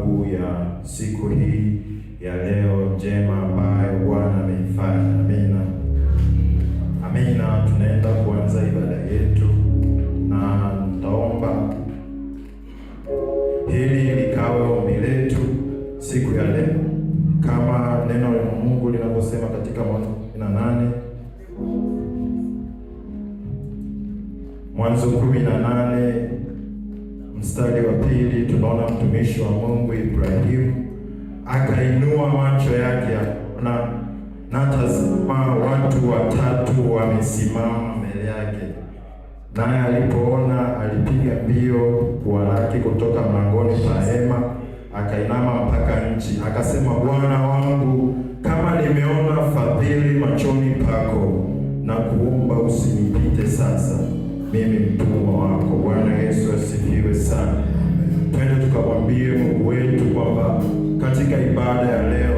sababu ya siku hii ya leo njema ambayo Bwana ameifanya. Amina, amina. Tunaenda kuanza ibada yetu na nitaomba hili likawe ombi letu siku ya leo, kama neno la Mungu linavyosema katika Mwanzo kumi na nane Mwanzo kumi na nane mstari wa pili tunaona mtumishi wa Mungu Ibrahimu akainua macho yake na natazama, watu watatu wamesimama mbele yake, naye alipoona alipiga mbio kuwalaki kutoka mlangoni pa hema, akainama mpaka nchi, akasema, Bwana wangu, kama nimeona fadhili machoni pako na kuomba usinipite sasa mimi katika ibada ya leo